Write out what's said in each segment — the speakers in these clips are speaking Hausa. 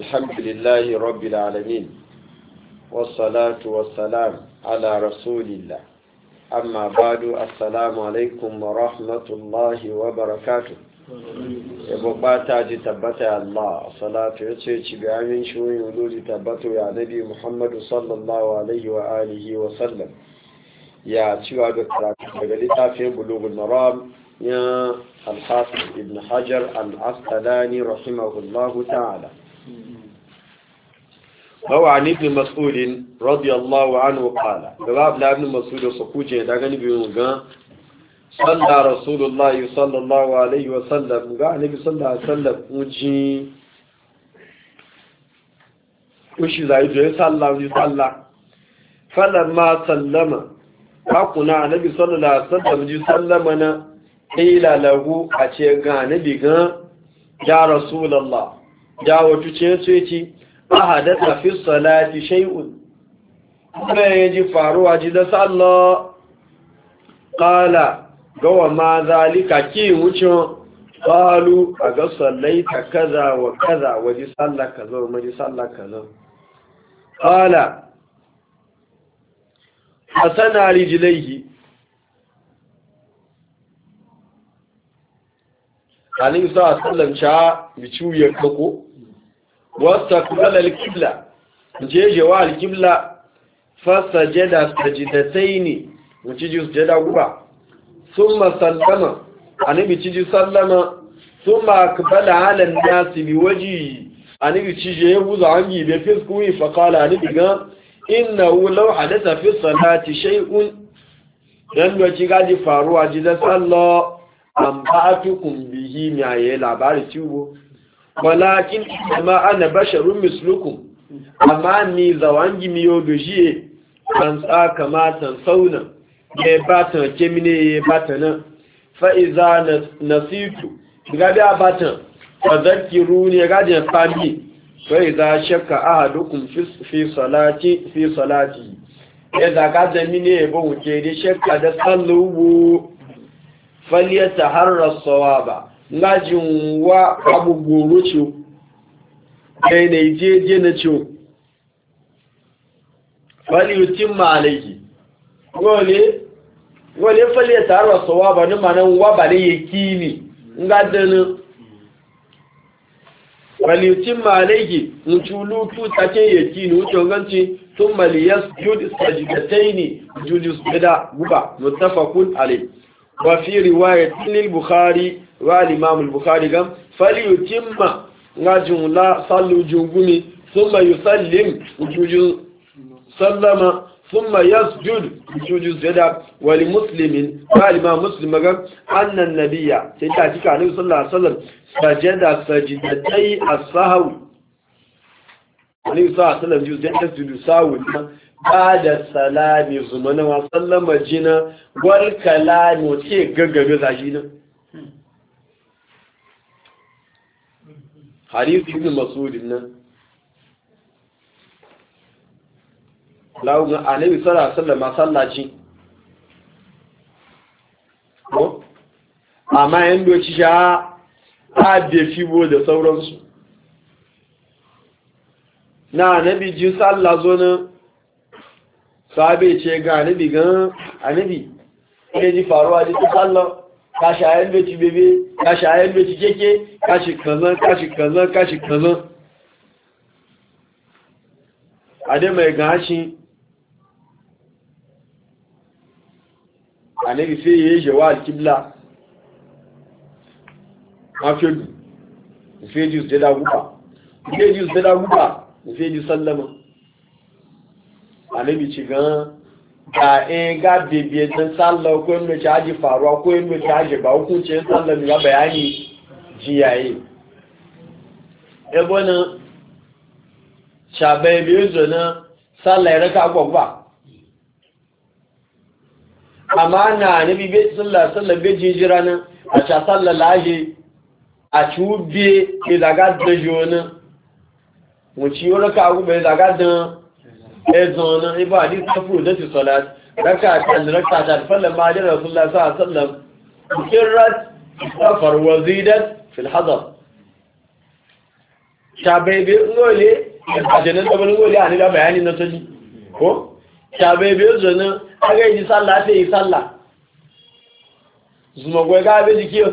الحمد لله رب العالمين والصلاة والسلام على رسول الله أما بعد السلام عليكم wa الله yabo bata ji tabbata ya Allah salatu ya ce ci bayanin shoyin wuloli tabbata ya nabi Muhammadu sallallahu alaihi wa alihi wa sallam ya ciwa da karatu daga littafin bulugul maram ya alhassan ibn hajar al-asqalani rahimahullahu ta'ala Bawa ni bin Masudin radiyallahu anhu kala, gaba bula bin Masudin su kuje da gani bin gan sallah Rasulullah sallallahu alaihi wa sallam ga ni bin sallah sallah kuji kushi zai zai sallah ni sallah. Fallar ma sallama, ba kuna na bin sallah sallah ji sallama na ila lagu a ce ga ni bin gan ya Rasulullah. da ce su yace ahadatha fi salati shay'un kuma ji faruwa ji da sallah Kala, gawa ma zalika ki wucin a ga sallaita kaza wa kaza waje sallah kaza wa maji sallah kaza sanari ji. laihi alim sa sallam cha bi ya kako wata kulal alkibla jeje wa alkibla fasajada sajidataini mutiji sujada guba thumma sallama anabi tiji sallama thumma aqbala ala an-nasi biwaji anabi tiji yebu za angi be fiskuwi fa qala anabi ga inna law hadatha fi salati shay'un dan do ji gaji faruwa ji da sallo am ba'atukum bihi ma ya labari tiwo walakin ma ana basharun misluku amma ni zawangi miyo dojiye kan tsaka matan sauna ya batan kemine ya batan fa'iza nasitu gabi a batan fazakiru ne gajin fami fa'iza shakka ahadukun fi salati fi salati ya zaga mine ya bauke da shakka da tsallubu faliyar taharar sawa ba lajin wa abubuwan ce ɗaya na ijeje na ce faliyutin ma'alaiki wale wale faliyar taruwa sawa ba ni manan wa ba ne yaki ne ngadanin faliyutin ma'alaiki mutulutu take yaki ne wucin ganci sun maliyar judis sajidatai ne judis gida guba mutafakun alai wa fi riwayar tunil bukhari والإمام البخاري قام فليتم رجل لا صلوا جنبني ثم يسلم وجوجو سلم ثم يسجد وجوجو سجد ولمسلم والإمام مسلم قام أن النبي سيداتك عليه صلى الله عليه وسلم سجد سجدتي الصهو عليه صلى الله عليه وسلم جوز يسجد ساوي bada salami zumana wa sallama jina wal kalamu ce gaggabe zashi nan hadith ibn mas'ud nan lawun annabi sallallahu alaihi wasallam sallaci ko amma yan doci sha ade fibo da sauransu na annabi ji sallah zo nan sahabe ce ga annabi gan annabi ne ji faruwa ji sallah kashi ayan beci bebe kashi ayan beci keke kashi kazan kashi kazan kashi kazan ade mai gashi anabi sai yayi jawal kibla afedu ifeji su dada guba ifeji su dada guba ifeji sallama anabi ci gan ga e ga bibiye din sallah ko in mace haji faruwa ko in mace haji ba e hukuncin e sallah e ne ga bayani jiyaye ebonin shabai biyu zuna sallah ya raka gwagwa amma na nabi bai sallah sallah bai jijira nan a ca sallah lahi a ci ubiye ilagadda jona wuci yi raka gwagwa ilagadda ezona ibo ẹzọ na ibá àdísáfò lẹ́sì sọ́lá rákàtà rákàtà fẹ́lẹ̀ ma jẹ́ rasulullah sáà sallam kirrat safar wa zidat fi fil hadar shabebe ngole ajanan da bani ngole ani da bayani na tani ko bi zana aga yi sallah te yi sallah zuma gwe ga be jiki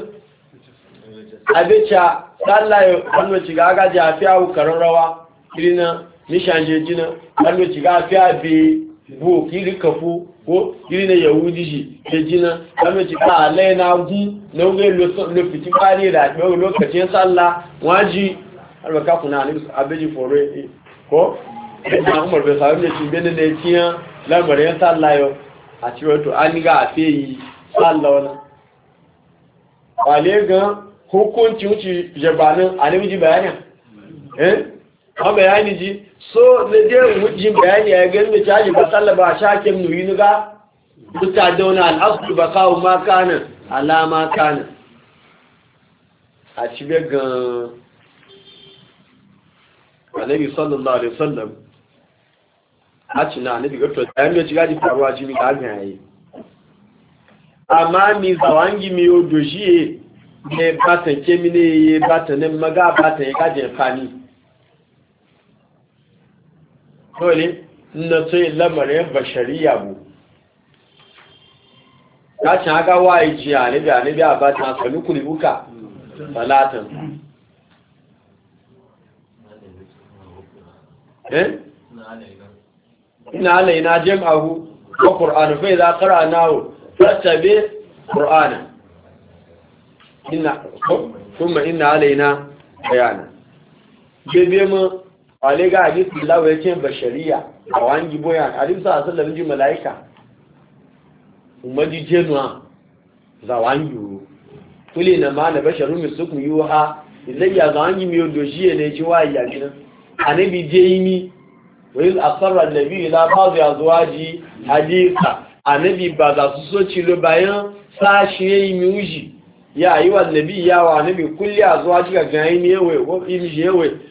abecha sallah yo anno ci ga ga fi awu karon rawa irina nishanje níṣàǹṣe jíná lálóòtì káfẹ́ àbí wo kiri kafu ko kiri na yahudi shi ke jina lamici ka alai na gun na wuge lokaci bari da ɗau lokacin sallah waji albaka kuna abiji foro e, ko e, na umar bai sami da cibiyar da ya ciyan lamarin sallah yau a cewar to an ga a fe yi sallah wani wale gan hukuncin wuce jabanin alimiji bayanin eh a bayani ji so na je wujin bayani ya gani caji ba sallaba a shakin nuyi ga duka dauna al'asku ba kawo ma kanin alama kanin a cibe ga alaihi sallallahu alaihi sallam a cina na diga to ɗayan da cigaji faruwa jini ga abin yi amma mi zawangi mi o doji ne batan kemine ya batanin maga batan ya gajin fani dole na ce lamarin bashariya bu ta ci haka waye ji a nabi a nabi a ba ta sami kulibuka talatin eh? ina alaina jam'ahu wa qur'anu fa idza qara'nahu fattabi qur'ana inna thumma inna alaina bayana bebe mu wale ga hadisi lawa ya ce bashariya a wani giboya hadisi a sallar ji mala'ika umarji jenuwa za wani yoro kule na ma na basharu mai sukun yi ha ilayya za wani mai doshi ne ci wa iya gina anabi je yi ni wani asarar da biyu na ba ya zuwa ji hadisa A anabi ba za su so cilo bayan sashi ya yi miuji ya yi wa nabi yawa anabi kulle a zuwa ji ga gani ne yawai ko imishi yawai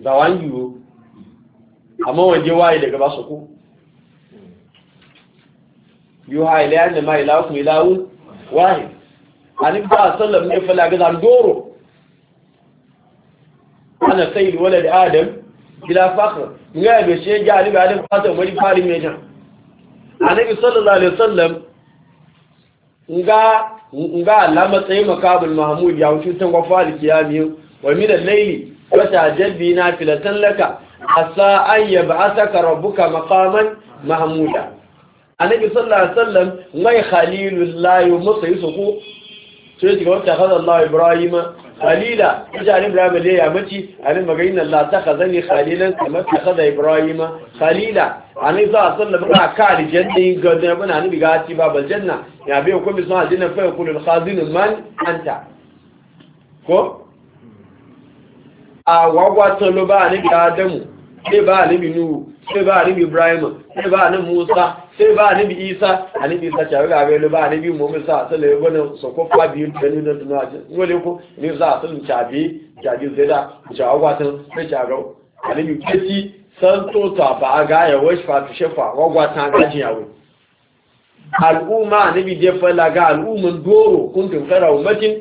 da wani yiwu amma waje waye daga ba su ku yiwu ha ila yadda ma ila kuma ilawun waye hannun ba a sallam ne ga zan doro ana sai wale da adam ila fakar nga ya beshe ga ba adam fata wani fari mai jan bi sallallahu alaihi wasallam nga nga Allah matsayin makabul mahmud ya wuce tan gwafa alkiyami wa min al-layli wata jabbi na filatan laka asa an yab'ataka rabbuka maqaman mahmuda annabi sallallahu alaihi wasallam mai khalilullah musa yusuku sai ji wata hada Allah Ibrahim khalila jani Ibrahim da ya mace anin maganin Allah ta khazani khalilan kamar ta khada Ibrahim khalila anin za sallallahu ba ka aljanna ga da bana ni ga ci babal janna ya bai ku bi sun aljanna fa man ko tó ló bá bí adamu sai bá bí nuhu sai bá bí ibrahim sai bá ní musa sai bá àníbi isa isa ṣàríga abẹ́ ló bá àníbi bí ẹnu nínú àjẹ́ wọlé kó ní isa àtẹ́lẹ̀ ṣàbí ṣàbí zẹ́dà fẹ́ ṣàrọ̀ àníbi pẹ́tí santoto àbáàgá ẹ̀wọ́ jẹ́ al'umman doro kúntùn fẹ́ra umatin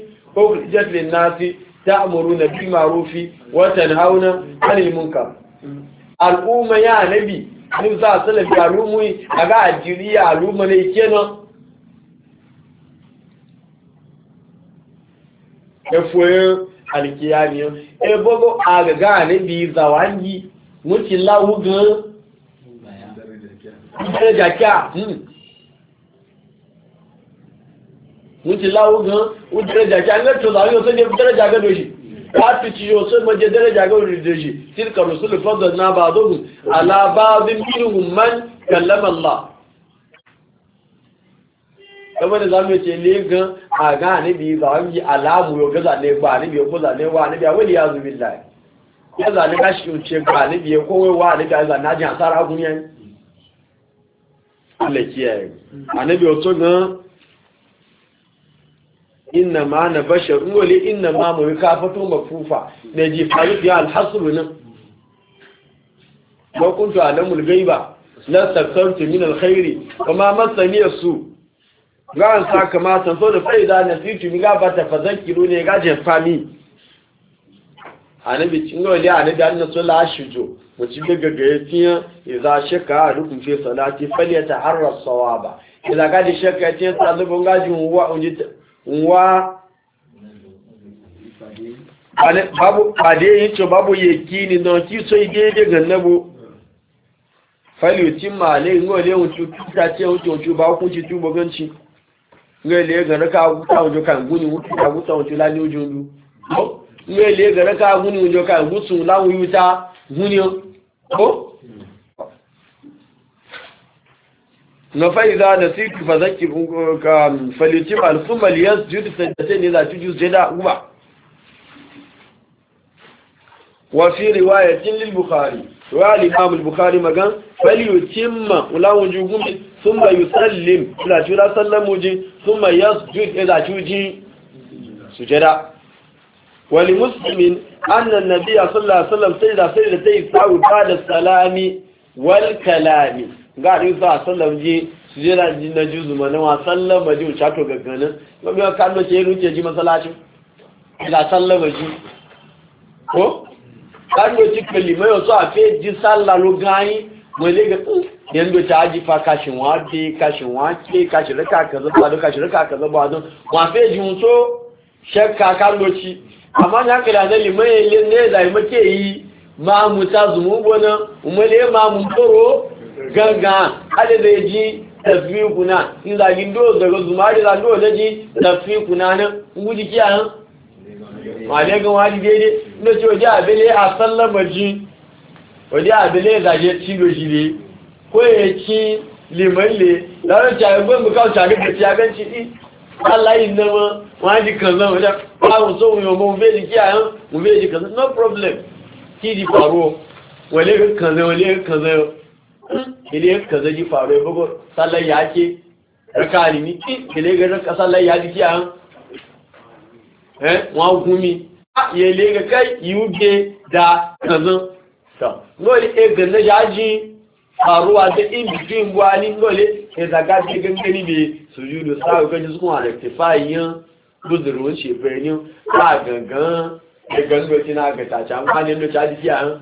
ta'muruna bil ma'rufi wa tanhauna 'anil munkar al'umma ya nabi ni za su lafi al'ummu aga ajiriya al'umma ne kenan efoye alkiyamiyo ebogo agaga nabi zawangi mutin lahu ga daraja kya hmm. wọ́n ti láwó gan ó dẹ́rẹ́jà kí alẹ́tò láwé ó sẹ́ni dẹ́rẹ́jà gẹ́dọ̀ yìí láti ti yóò sẹ́mọ̀ jẹ́ dẹ́rẹ́jà gẹ́dọ̀ yìí tí kàrò sílẹ̀ fọ́dọ̀ náà bá dógùn alábáàbí mínú man kàlẹ́mọ̀lá kamar da za mu ce ne gan a ga anibi ba mu yi alamu yau ga zane ba anibi ya ko zane wa anibi ya wani ya zubi lai ya zane ka shi ce gan inna ma na bashar wale inna ma mu fito mafufa na ji faru fiye alhasru nan wa kuntu gai gaiba na takartu min alkhairi kuma masani su ran sa kama san so da faida na fitu mi ga fazan kilo ne ga je fami anabi ngole anabi annabi sallallahu alaihi wasallam mutum ya gagaye tiyan ya za shaka a rukun fi salati ya harra sawaba idan ka di shaka tiyan talibin gajin wa'unji wa babu pàdé yìí tí ó bábò yẹ kí ni náà kí tó ìdéédé gẹ̀ẹ́lẹ́bò fẹ́lì tí ma lè ń rẹ̀ ohun tí ó títà tí ohun tí ó tí ó bá kún ti túbọ̀ gẹ́ ti rẹ̀lẹ̀ gẹ̀rẹ́ká wútàwùjọ kàngún ni wútàwùjọ láni ojú ka rẹ̀lẹ̀ gẹ̀rẹ́ká wúni ojú kàngún sùn láwọn yúta gúnni ó na fa'iza da siku fa zaki falici al'ummal yas judu sajdatain ila tujus jada kuma wa fi riwayatin lil bukhari wa al-imam al-bukhari magan falyutimma ula wujugum thumma yusallim ila tujura sallamuji thumma yasjud ila tuji sujada wa li muslimin anna an-nabiy sallallahu alaihi wasallam da sajdatay sa'u ba'da salami wal kalami ga ni sa sallam ji su je na zuma na wa sallam ba ji wuce chato gaggana ba mi ka lo ce ruke ji masalacin ga sallam ji ko kallo ci kalli mai wasu a fe ji lo gani wale ga yadda ta ji fa kashin wafe kashin wace kashin rika ka zaba don kashin rika ka zaba don wafe ji hunso shakka ci amma na hankali na liman ne da yi yi ma mu ta zumu gona umar ma mu tsoro da ya ji tafi kuna in zagi dole daga zumari zagi dole ji tafi kuna nan guji kiya nan wale gan wani daidai na ce waje abele a sallama ji waje abele zage cido shi ne ko ya ci liman ne lalar cari gwan bukawar cari ga ci ɗi Allah yi nama wani ji kanzan wajen ƙawon so mu yi mu bai jiki a yan mu bai jiki no problem ki di faro wale kanzan wale kanzan ile ka zaji faru ya bugu sallar ya ke raka alimi ile ga raka sallar ya jiki an eh wa gumi ya ile ga kai yuge da kazan to ngoli e ganna jaji faruwa da in between gwani ngoli e zaga ti gangani be sujudu sa'a ga jisu kuma rectify yin buzuruwan sheferin ka gangan da e gangan na ga tace an kwanin da caji jiya an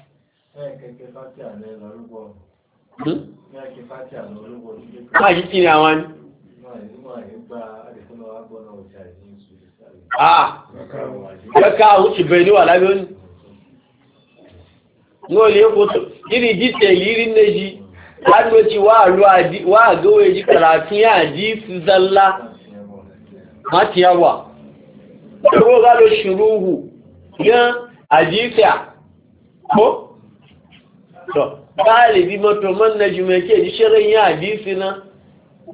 Báyìí tí ni àwọn ni? Yọ́ká àwúṣì bẹ̀rẹ̀ ní wà lábẹ́ òní. Ní olè kòtò, ìrì jíṣẹ̀ ìrírí méjì, lágbẹ́tí wà àgọ́wẹ̀ jí kàràtí àjí ṣúzánlá, má ti yàwà. Ṣogbo gá ló ṣùrú hù, yán àjíṣẹ́ to galibi matoman na jumeke ji shirin ya hadisi na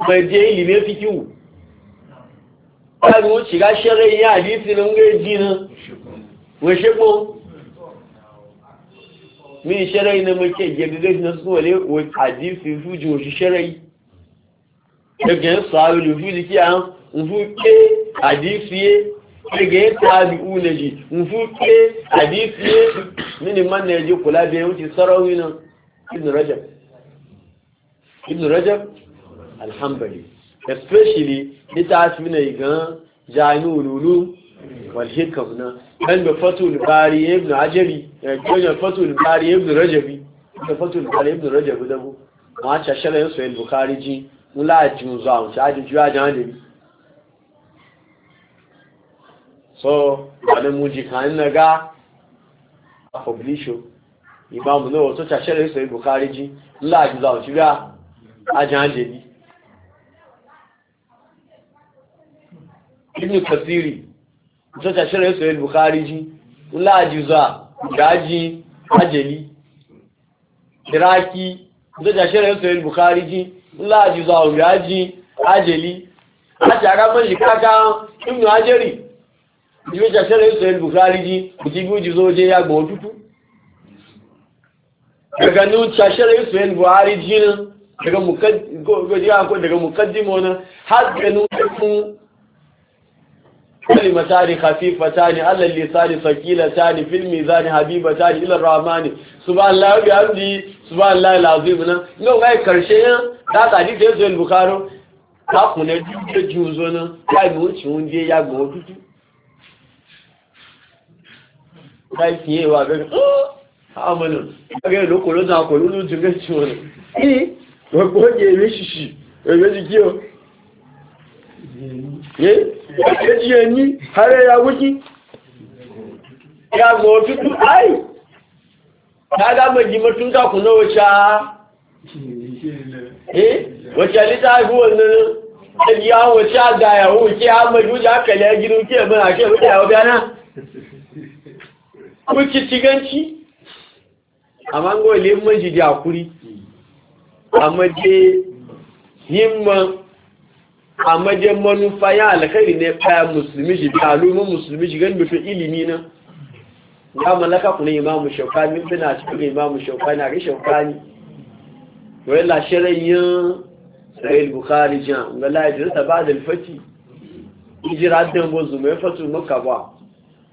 mai je Ba fikiwu ƙaru shiga shirin ya hadisi na nga ji na washe ko min shirai na muke gaggaga na su wale hadisi su ji wasu shirai daga yin sa'ayi lufi jiki a nufu ke hadisi daga tabi'u na ji hadisi mini man na ji kula da yanki sarawi nan ibn rajab ibn rajab alhambali especially littafi na igan jami'ul ulum wal hikam na dan da fatul ya ibn ajabi eh, da fatul bari ibn rajabi da fatul bari ibn rajabi da mu ma cha shara yaso al bukhari ji mula ji mu za mu cha ji ju so wani muji kan na ga a publisho imamu náà tó ṣàṣẹ́rẹ̀ ìsọ̀ ìbùkárí jí ńlá àjúzà òṣìrá ajáǹdè ní ibn kasiri tó ṣàṣẹ́rẹ̀ ìsọ̀ ìbùkárí jí ńlá àjúzà ìdájí ajẹ́lí iraki tó ṣàṣẹ́rẹ̀ ìsọ̀ ìbùkárí jí ńlá àjúzà ìwé ṣàṣẹ́lẹ̀ ìṣẹ́ bukari jí bùtí bí ó jí sóòjé yàgbọ̀ òtútù daga ní ṣàṣẹ́lẹ̀ ìṣẹ́ buhari jí na daga mukaddimo na ne khafifata ne ne fakilata ne ne habibata ramani subhanallah ya hamdi lazim na ina kai karshe ya ta tsadi da yanzu bukaro ta kuna jujuzo na ya bi wuce wunde ya ga tutu láì fi ẹwà bẹ́rẹ̀ àmọ́nà ẹgbẹ́ ìlókò ló dáa pẹ̀lú ló jùlọ tí ní ọ̀pọ̀ oúnjẹ èrè ṣìṣì èrè ti kí o ẹjí ẹni ààrẹ ìyàwó ìyàgbọ̀ òtútù àì dáadámọ̀jì mọ́tún kàkùn náà náà ẹjí àwọn ṣáàgà ìyàwó kí kuki ciganci amma ga wale maji da kuri, amma je himma amma je manufa ya alkhairi ne kaya musulmi shi da alumin musulmi ji, gan mutum ilimi na ya malaka kuna imamu shaukani bin a cikin imamu shaukani a ga shaukani wai la shirayin sahih bukhari jan ga la hijrata ba'da al-fati hijra dan bozu mai fatu makka ba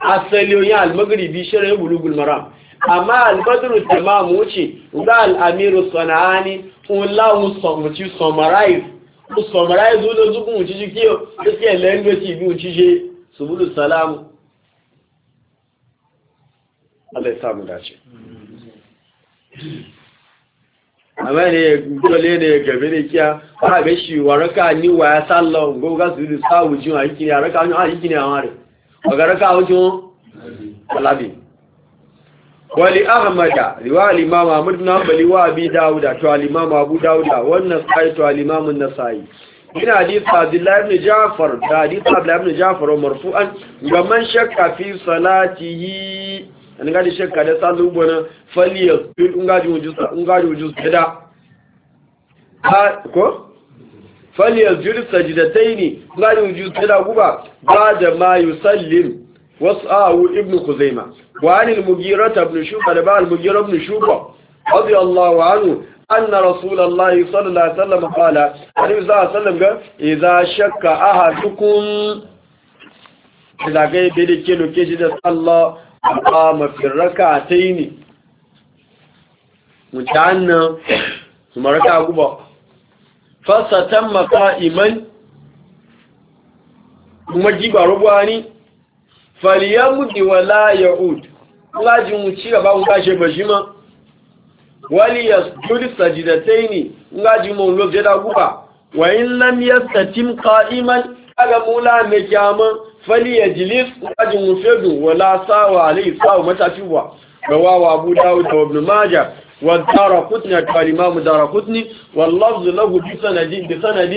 asaliyoyin almagribi shirin bulugul maram amma albadru tamam wuce ga al'amiru sana'ani ullahu samuci summarize ku summarize wuce zukun wuce jiki yau suke language bi wuce je su budu salamu Allah ya samu dace amma ne dole ne gabe ne kiya ba be shi wa raka ni wa ya sallahu go ga su sa wujin a yi ne a raka ni a yi ne a mara. ọ̀gáráká ojú alábì wali ahmada riwa al-imam ahmad ibn hanbali wa abi dauda to al-imam abu dauda wannan sai to al-imam an-nasai ina hadith Abdullahi ibn ja'far da hadith Abdullahi ibn ja'far marfu'an ga man shakka fi salatihi an ga da shakka da salu bona fali ya in ga ji wujusa in ga ji wujusa da ko faliyar jiri sajidatai ne tsarin jisira guba ba da ma yi sallim wasu ahu ibn kuzaima wani mugira ta ibn shuba da ba al-mugira ibn shuba wazi Allah wa hannu an na rasulallah sallallahu sallam kala wani za a sallam ga iza shakka aha dukun zagaye bai da ke loke shi da sallah a mafin raka ta yi ne mutanen su maraka guba fasatamma qa'iman kuma giba rubani falyamdi wala yaud laji mu ci gaba mu kashe bashima wali yasjud sajidataini laji mu lo jeda guba wa nan ya yastatim qa'iman aga mula me kyama fali yajlis laji mu fedu wala sawa alai sawa matafiwa rawawa abu dawud da ibn majah والدار قطني الإمام دار قطني واللفظ له بسند بسند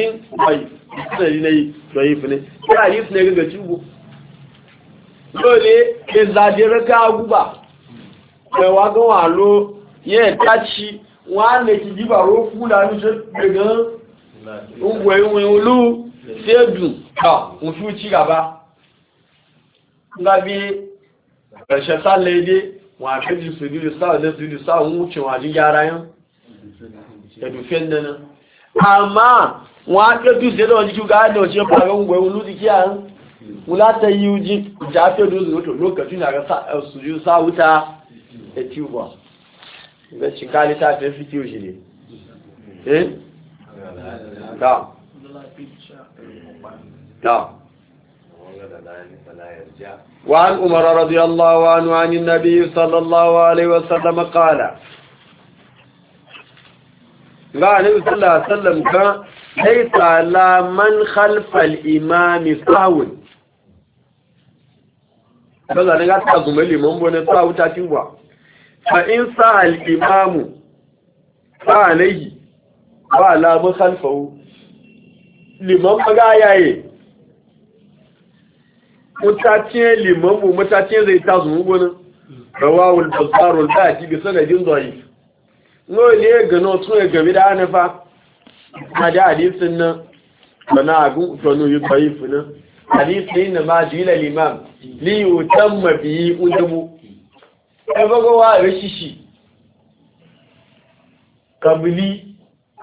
طيب بسند ضعيف ne tarif ne ga cibo dole ke zadira ka guba kai wa ga walo ye tachi wa ne ki jiba ro kula ni daga ugwe wen olu sedu ka mu fuci gaba ngabi rasha wọ́n àfẹ́jì sùdúrù sáà lẹ́sùdúrù sáà ń wúce wọ́n àjíjára yán ẹ̀dùfẹ́ nana àmá wọ́n àfẹ́jì sẹ́dọ̀ jíjú gáàdì ọ̀ṣẹ́ pàrọ̀ ń gbẹ̀rún lóti kí àrùn wọ́n látẹ̀ yí ojí ìjáfẹ́ lóòrùn lóòtò lókàtún àrẹ sùdúrù sáà wúta wà ìbẹ̀ وعن عمر رضي الله عنه عن النبي صلى الله عليه وسلم قال قال صلى الله عليه وسلم ليس على من خلف الإمام صحو فذا نغطى زمال الإمام ونصحو تاتيوبا فإن صح الإمام فعليه وعلى من خلفه لمن بقى يعيه mutaciyar limanmu mutaciyar zai tasu mugunan rawawul basarul da ki bi sanadin zai no ne gano sun ya gami da anafa a da hadisin nan bana abu tono yi zai fina hadisin na ma jila limam li yutan mabiyi ujubu ɗabagowa e rashishi kabili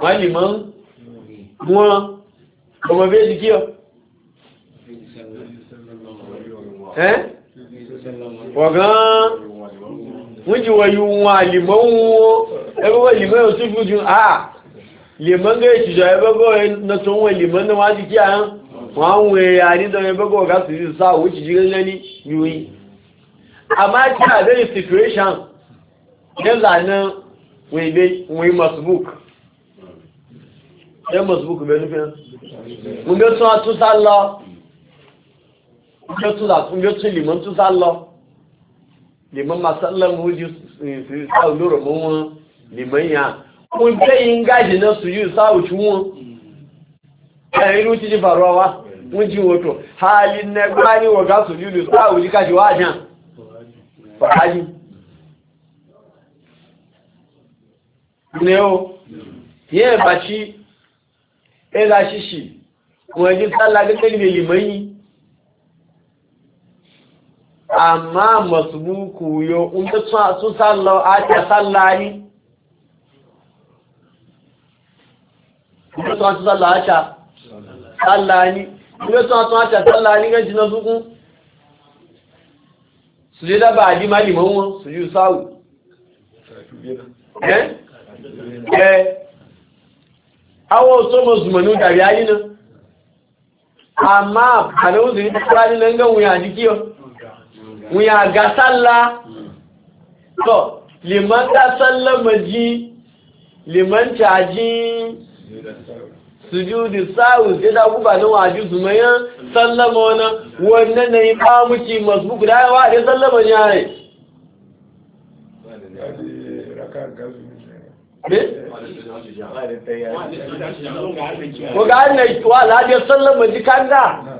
maliman muwa kuma bai jikiyar ẹ́ ọ̀gán wọ́n jí wọ yíò wọn àlìmọ́ wọn ẹgbẹ́gbẹ́ lìmọ́ yóò tún fún jù àà lìmọ́ gẹ́ ìṣìṣọ́ ẹgbẹ́gbẹ́ ẹ̀nàtọ́ wọn lìmọ́ náà wájú kí àán wọ́n á wọn ẹ̀yà nítorí ẹgbẹ́gbẹ́ ọ̀gá sí sí sáà ó ti jí lẹ́lẹ́ ní yìí àmá kí àbẹ́rẹ̀ situation nílànà wọ́n yí masbook ẹ̀ masbook bẹ́ẹ̀ nífẹ̀ẹ́ ńjọ́ tún lè mọ́ tún sá lọ lè máa sálọ́mù ojú sáà olóró mọ́ wọn lè mọ́ yàn kun tsayin gaji na su yi sa'uci wọn ɗayin ruci ji faruwa mun ji wato halin na gani wa ga yi sa'uci kashi wa jan fahaji ne o yin baci ɗaya shishi wajen tsalla ga ƙarfe limanyi amma masbuku yo inda su sallo a ta sallani inda su sallo a inda su a su je da a ji maliman su yi sawu eh, eh. awon so mazumanu da yayi nan amma a da wuzi ta tsari nan wuya jikiyar wuya ga sallah to liman da sallah maji liman caji sujudi sa'u sai da guba na waju zumayan sallama wannan wannan ne ba muki masu guda wa da sallama ne ai ko ga ne to ala da sallama ji kanda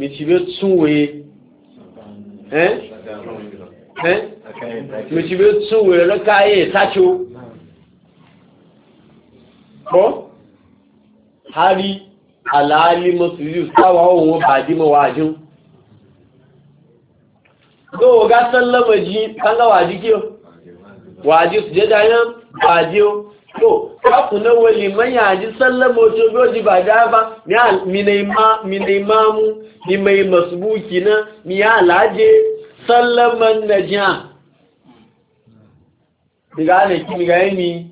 mitibe tsuwe eh eh mitibe tsuwe na kaye tacho ko hari alali musulmi sawa ohun baji mawajin to ga sallama ji kan ga waji kiyo waji su je dayan waji to na wali manya ji sallama wato goji ba da ba minai mamu ni mai masbuki na miya alaje sallaman na jiya daga ana kimi ga yami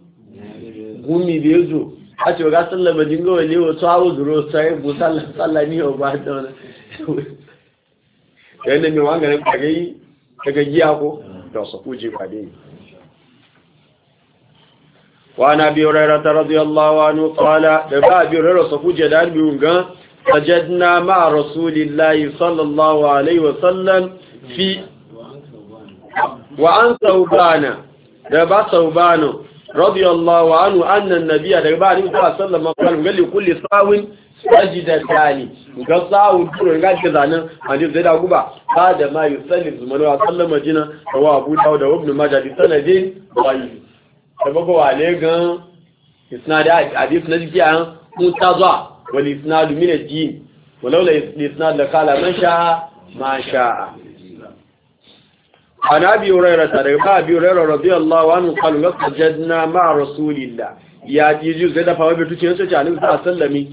gumi da ya zo a ce ga sallama jingo wali wato hau zuro sai bu sallami yau ba da wani yadda mai wangarin kagayi kagagiya ko da wasu kuje kwade dai وانا أبي هريرة رضي الله عنه قال لما أبي هريرة صفو جلال بيونغا سجدنا مع رسول الله صلى الله عليه وسلم في وعن ثوبانا لما ثوبانا رضي الله عنه أن النبي لما عليه والسلام قال لي كل صاوي سجد ثاني قال صاو دور قال كذانا عندي زيد أقوبة هذا ما يسلم زمانه صلى الله عليه وسلم جنا رواه أبو داود وابن ماجه بسنة دين ضعيف ẹgbọ́gbọ́ wà lé gan ìsinadá àbí ìsinadí kí a ń tázọ́ wọ lè ìsinadú mílẹ̀ tí wọ́n lọ́wọ́ lè ìsinadú lọ́kàlà mẹ́ṣà máa ṣà عن أبي هريرة رضي أبي هريرة رضي الله عنه قال وسجدنا مع رسول الله يا جيجو زيدا فاوي بتوتي نسو تعالى صلى الله عليه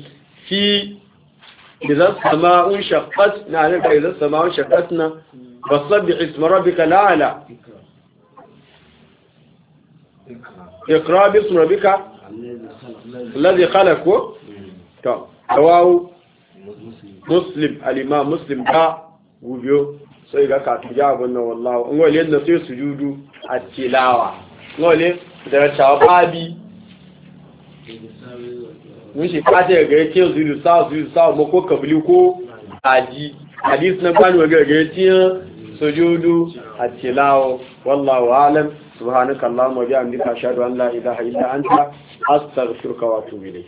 في إذا السماء انشقت نعلم إذا السماء انشقتنا فصبح اسم ربك الأعلى ikra bismi rabbika alladhi khalaq ko to tawawu muslim alima muslim ta gubiyo sai ga kafin ya abin nan wallawa ngole na sai sujudu a tilawa ngole da babi mun shi ka ta ga yake sujudu sa sujudu sa mu ko kabli ko aji hadis na bani ga ga yake sujudu a tilawa wallahu alam subhanakallahumma wa bihamdika ashhadu an la ilaha illa anta astaghfiruka wa atubu ilayk